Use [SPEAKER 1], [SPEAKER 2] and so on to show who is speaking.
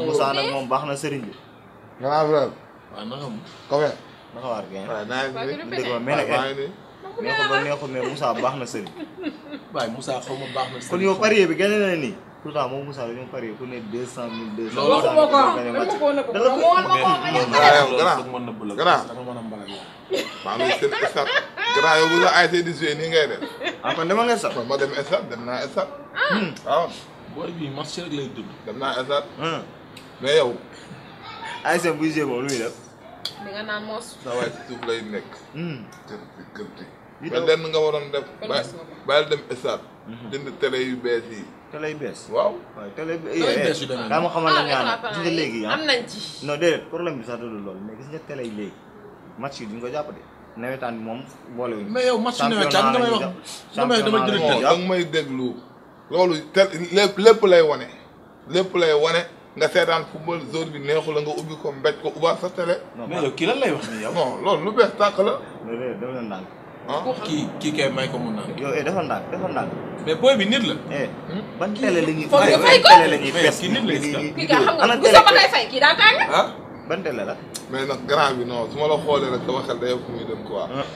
[SPEAKER 1] Moussa nag moom
[SPEAKER 2] baax na sëriñ bi. nga naa fi waaw naka mu. Kowe. naka waar kay. waaw baax na sëriñ. waaye
[SPEAKER 1] Moussa xaw baax na kon yow parier
[SPEAKER 2] bi gagné na nii. pourtant moom Moussa dañoo parier ku ne deux cent mille deux cent. ko am ah. dama
[SPEAKER 1] ko woon a ko dama ko woon a ko a mbala maa ngi seen stade. grand yow bu la ay ngay def. ah kon dama nga dem stade dem naa stade. waaw. Ah. Hmm. Ah. booy bii match dem naa stade. Hmm. mais yow. ASM buy joué moom lu muy def. nga naan mos. saa hmm. waroon def. bàyyi dem stade. dindi hmm. télé yu bees yi. télé yu bees. waaw waaw télé yu eh, bees eh, yu demee daa ma xamal la ah, ñaan léegi eh, ah am nañ
[SPEAKER 2] problème bi sax du loolu mais gis nga télé yi léegi match yi duñ ko jàpp de. nawetaan bi moom boole wu mais yow match nawetaan nga may wax dama
[SPEAKER 1] déglu loolu lép lépp lépp lay wane nga seetaan football zone bi neexu la nga ubbi ko mbéj ko ubbaat sa télé. mais yow kii lan lay wax nii yow. non lu bees
[SPEAKER 2] tàkk la. loolu dafa la kii kii kay may ko mun naan. yow eh dafa ndànk dafa ndànk. mais booy bi nit la. Eh, hmm? ban télé la ñuy. foofu nga fay ko la nit la gis nga. kii nga xam nga bu soog a lay fay kii daa tàng.
[SPEAKER 1] ah ban télé la. mais nag grand bi non su ma la xoolee rek sama xel day fu muy dem quoi. Ah.